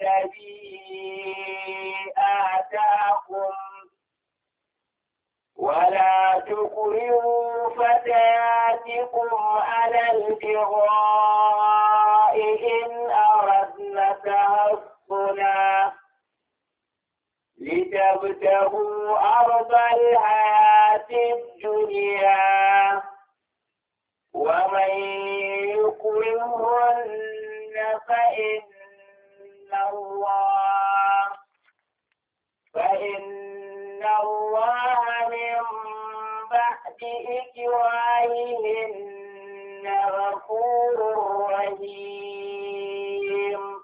الذي آتاكم ولا تكرهوا فتاة أمهاتكم على البغاء إن أردنا تهصنا لتبتغوا أرض الحياة الدنيا ومن يكرهن فإن الله فإن الله من بإجرائهن غفور رحيم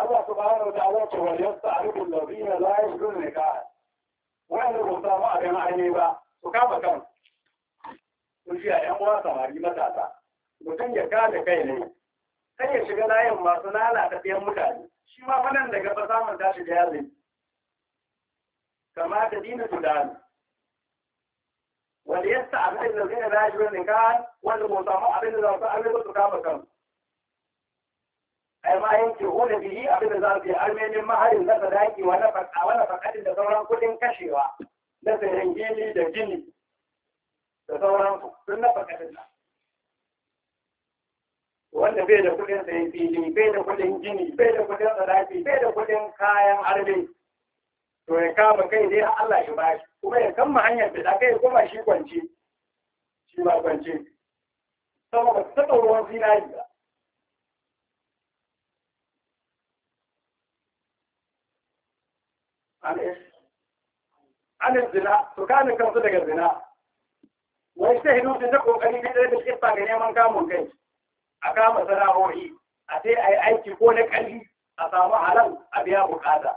الله سبحانه وتعالى وليستعرض الذين لا يجدون نكاحا وين الغصان ما كان عيني با وكما كان kun shi a uwa samari matasa mutum ya kada kai ne sai ya shiga layin masu lalata ɗayan mutane shi ma wannan daga fa samun tashi da yazi kamata dina tudani wanda ya sa abin da zai rashi wani kan wanda ba samu abin da za su abin da su kama kan ai ma yanke hula biyi abin da za su yi armenin maharin na sadaki wa na fakadin da sauran kudin kashewa na sayan gini da gini da sauran sun na fakadin nan wanda bai da kudin sayan fili bai da kudin gini bai da kudin sadaki bai da kudin kayan arme to ya kama kai ne har Allah shi bashi kuma ya kama hanyar da za ka yi kuma shi kwanci shi ba kwanci sama zinari ba Anis zina, to kansu daga zina, wai sai hidu ta kokari ne ɗaya da shifa ga neman kamun kai, a kama sana'o'i, a sai a yi aiki ko na ƙalli a samu halal a biya bukata.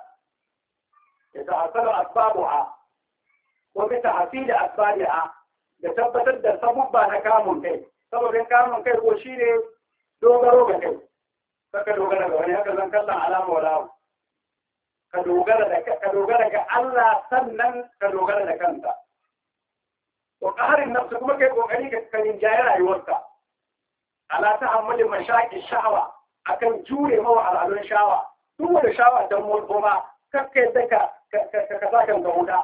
يتحصل أسبابها وبتحصيل أسبابها يتبتد دا سببا نكامون كي سبب كامون كي هو شيء دوغرو كي فكدوغرا كي هكذا نكلا على مولاه كدوغرا لك كدوغرا كألا سنن كدوغرا لكنتا وقهر النفس كما كي قوغري كتكلم جايرا يوتا على تحمل مشاكل الشهوة أكن جوري مو على الشهوة دول الشهوة دمول بما kakka yadda ka ka sa kan ga wuta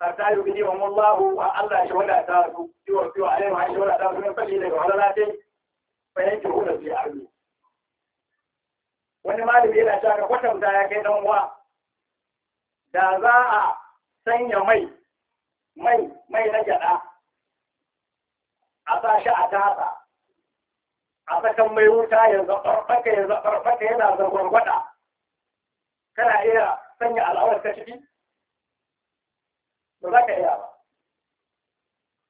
hatta yugni wa wallahu wa Allah shi wala ta su wa ciwo alai ma shi wala ta su ne fadi daga wani latin bayan ki hula bi arni wani malami yana cewa ka kwatanta ya kai dan uwa da za a sanya mai mai mai na gyada a sa shi a tasa a sakan mai wuta ya zaɓarɓaka ya zaɓarɓaka yana zagwargwada kana iya sanya al'awar ta ciki ba za ka iya ba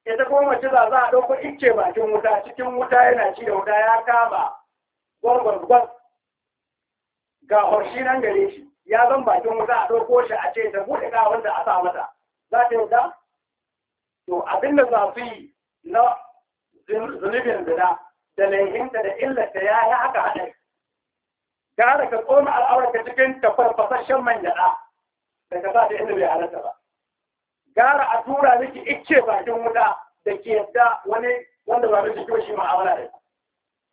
ita kuma mace za a ɗauko icce bakin wuta cikin wuta yana ci da wuta ya kama gwargwargwar ga horshi nan gare shi ya zan bakin wuta a ɗauko shi a ce ta buɗe ga wanda a sa mata za ta to abin da za su yi na zunubin zina da laihinta da illata ya yi haka haɗari gara ka tsoma al'aurarka cikin tafarfasashen man da ka sa ta inda bai halatta ba gara a tura miki icce bakin wuta da ke yadda wani wanda ba miki kyau shi ma'amala da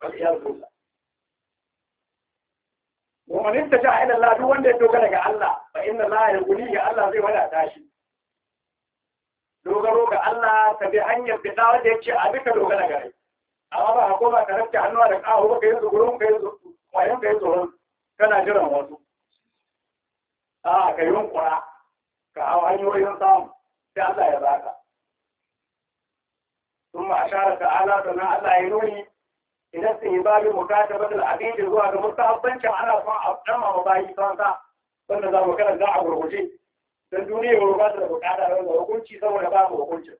wal'iyar zuwa Mumanin ta sha ila Allah duk wanda ya dogara ga Allah fa inna a ya guni ga Allah zai ta shi dogaro ga Allah ta bi hanyar fita wanda yake a duka dogara ga amma ba hako koma ka rafke hannuwa da kawo ba ka yi zugurin ka yi zugurin kana jiran wasu a ka yi kura ka hawa hanyoyin samu sai Allah ya zaka sun ma ashara ta ala sannan Allah ya nuni idan sun yi babin mukata ba da al'adini zuwa ga musabbancin ana son a ɗama ma bayi son sa da za mu kana za a gurguje don duniya mu ba da bukata don da hukunci saboda ba mu hukunci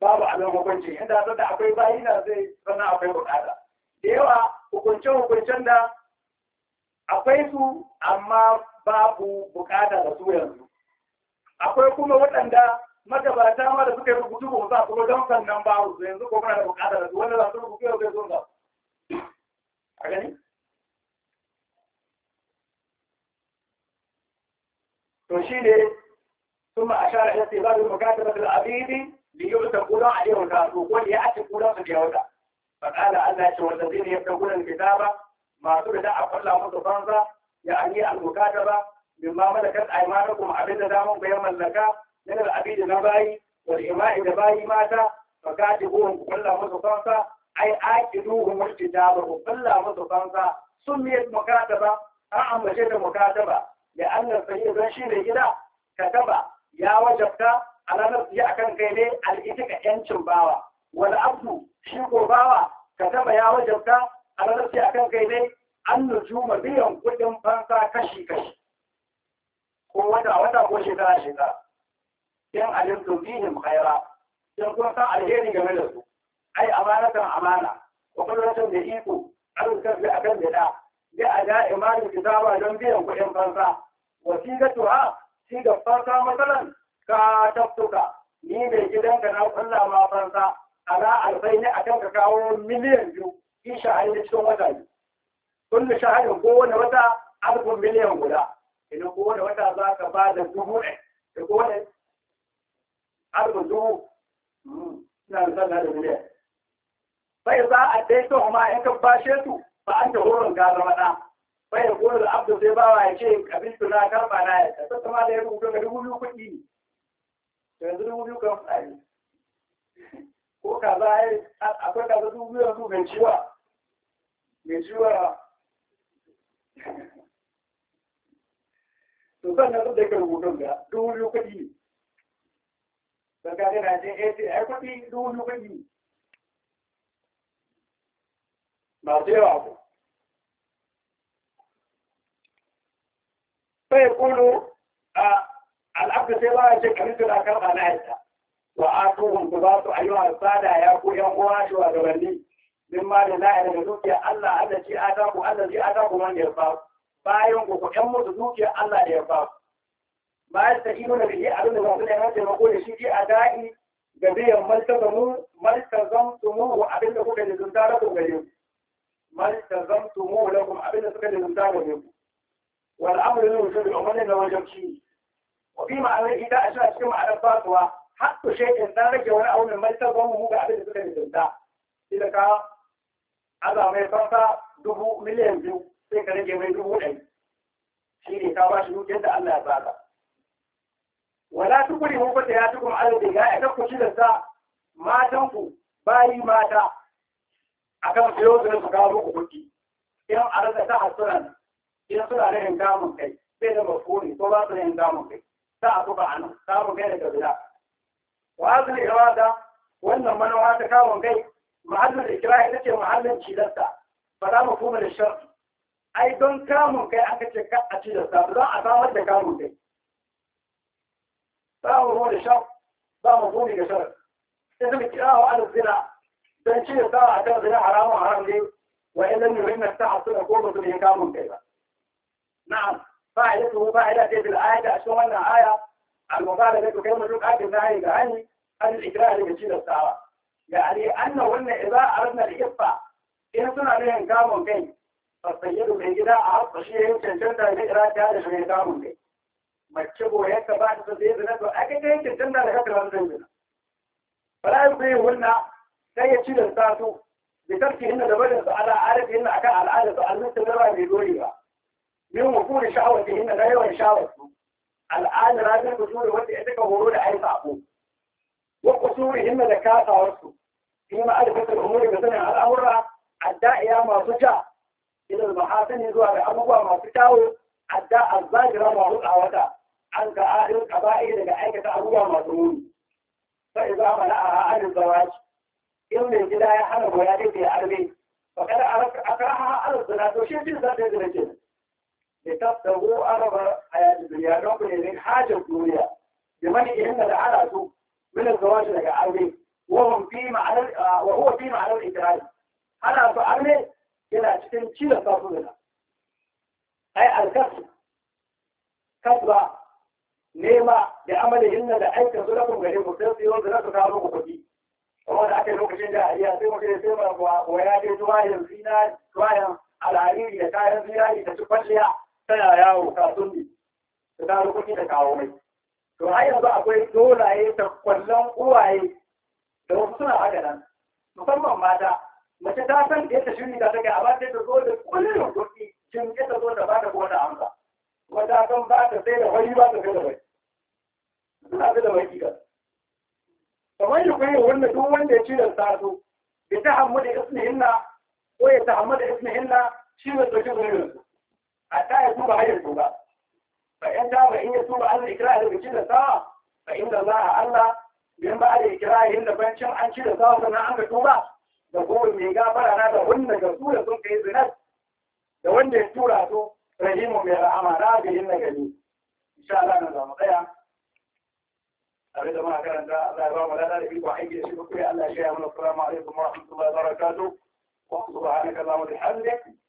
babu abin hukunci inda zai akwai bayi na zai sannan akwai bukata da yawa hukunce-hukuncen da akwai su amma babu bukatar su yanzu akwai kuma waɗanda magabata ma da suka yi rubutu ko za su rubuta nan ba su yanzu ko kuma da bukatar su wanda za su rubuta yau zai zo ba a gani to shi ne kuma a shara ya ce za su bukatar da abidi da yi wata kudan a yau da su ko ne ya ake kudan su da yau da ba ƙada Allah ya ce wanda zai ya ta kudan kitaba masu da a kwalla musu fansa ya ani al-mukata ba bin ma malakat aymanukum abinda daman bayan mallaka min al-abidi na bayi wal ima'i da bayi mata fa katibuhum kwalla musu fansa. ai ba ku kwalla musu fansa. sun miyar mukataba an ambace da mukataba da annan sahihi don shi ne gida kataba ya wajabta a ranar ya akan kai ne al'itika yancin bawa Wani abdu shi ko bawa taba ya wajabta a rarrace a kan kai ne an nujuma biyan kuɗin fansa kashi-kashi ko wata-wata ko shekara-shekara in alimtu bihim khaira in kun san alheri game da su ai amanatan amana wa kullatan da iko arzikin bi akan da da bi a da imanin kitaba don biyan kuɗin fansa wasigatu ha shi ga fansa matsalan ka taftuka ni mai gidanka na kulla ma fansa ala alfai ne akan ka kawo miliyan biyu in shahari na cikin wata ne tun da shahari kowane wata alfin miliyan guda idan kowane wata za ka ba da dubu ne da kowane alfin dubu hmm, na zanna da miliyan sai za a dai to ma in ka bashe su ba an ta horon gaza mada sai da gona da abdu zai bawa ya ce abin su na karba na ya ta ta ma da ya rubuta ga dubu biyu kuɗi ne yanzu dubu biyu kan fadi ko ka za a yi akwai ka zaɗu biyar su mai ciwa mai ciwa to zan na zaɗa kan rubutun ga dubu biyu kudi ne don ka gana jin ya ce ai kudi dubu biyu kuɗi ne ba ce yawa ku sai kulu a al'abda sai ba a ce kamar da karɓa na yadda wa atuhum ku ba su ayyuha sada ya ku yan uwa shi wa gabanni min ma da la'a daga dukiya Allah Allah ce ata ku Allah ce ata ku man yarfa bayan ku ku yan mutu dukiya Allah da yarfa ba ta ido da biye abin da mutum ya rage mako da shi ji a da'i ga biyan maltazamu maltazamtumu abin da kuka zun da ku gare mu. maltazamtumu lakum abin da suka lizinta da ku wal amru lahu shay'un wa la wajibci wa bi ma'ana ida asha cikin ma'anar fatuwa haƙƙu shekin na rage wani abu mai martaban mu ga abin da suka rinjinta sai ka aza mai fanka dubu miliyan biyu sai ka rage mai dubu ɗari shi ne ka ba shi dukiyar da Allah ya baka wala tukuri mun fata ya tukum Allah ya ka kuci da sa matan ku bayi mata akan biyo da su ga muku kuɗi in a rasa ta hasuran in suna da hindamun kai sai da mafuni ko ba su da hindamun kai za a tuka anan samun kai daga bila وهذه الإرادة وأن من منوعة تكاون كي محل الإكراه التي محل شدتها فلا مفهوم للشرط أي دون كامون كي أكتشك أشدتها لا أتاوى تكاون كي فلا مفهوم للشرط لا مفهوم للشرط إذا الإكراه على الزنا تنشير ساعة على الزنا حرام وحرام لي وإن لم يهم الساعة صلى قوة به كامون كي نعم فاعلته فاعلته في الآية أشوف أنها آية المبالغة كما نقول هذه النهاية عن الإجراء لمشير الساعة يعني أنه إن إذا أردنا الإبطاء إن سنة لهم قاموا كين فالسيد من جدا أعرض شيء يمكن جدا الإجراء كان شيء قاموا كين ما تشبه هيك بعد تزيد نفسه أكيد يمكن جدا لكثر من زمنا فلا يبقيهن سيشير الساعة بتركهن دبلت على عادتهن أكا على عادة المثل لا يقولها من وفور شهوتهن لا يوم شهوتهن al'ada ranar kusuri wanda ya taka horo da aika abu wa kusuri himma da kasawarsu in ma alfatar umuri ga sanin al'amura adda'iya masu ja ilal mahasani zuwa da abubuwa masu tawo adda azzajira ma a wata an ka adin qaba'i daga aikata abubuwa masu muni fa idza mala'a adin zawaj in mai gida ya hana goya dai ya arbe Ba kada araka akraha al-zina to shi zata yi da kenan لتبتغوا أرض حياة الدنيا نقل من حاجة الدنيا بمن إن العلاج من الزواج لك عوري وهم في معنى وهو في معنى الإدراج أنا أفعلني إلى تنشيل فرضنا أي الكسب كسب نيمة بعملهن da aikin su lafin gari mu sai su yi wanda su kawo muku kuɗi wanda aka yi lokacin da ya sai mutum sai ma wa ya je tuwayen zinari tuwayen alhariri da kayan zinari da su kwalliya tana yawo da ta taro da kawo mai to har yanzu akwai dolaye da kwallon uwaye da wasu suna haka nan musamman mata mace ta san da yadda shiri ta take a ba ta zo da kullum kuɗi shin ya ta zo da ba ta kowane amsa kuma ta san ba ta sai da wani ba ta sai da wani suna sai da wani kan kamar yi kwaye wanda duk wanda ya cire sa su bai ta hamu da isnihinna ko ya ta hamu da isnihinna shi ne tsoki zuwa yanzu حتى يتوب هي التوبة فإن تاب إن يتوب عن الإكراه بجد ساعة فإن الله ألا من بعد إكراه إلا بنشم عن شد ساعة سنة عن التوبة تقول من غافر أنا دهن جسولة في زنات دهن جسولة رحيم من الأمانة بهن جميل إن شاء الله نظام قيام abin da muna karanta Allah ya ba mu lada da iko aiki da shi kuma Allah ya shaya mana assalamu الله wa rahmatullahi wa barakatuh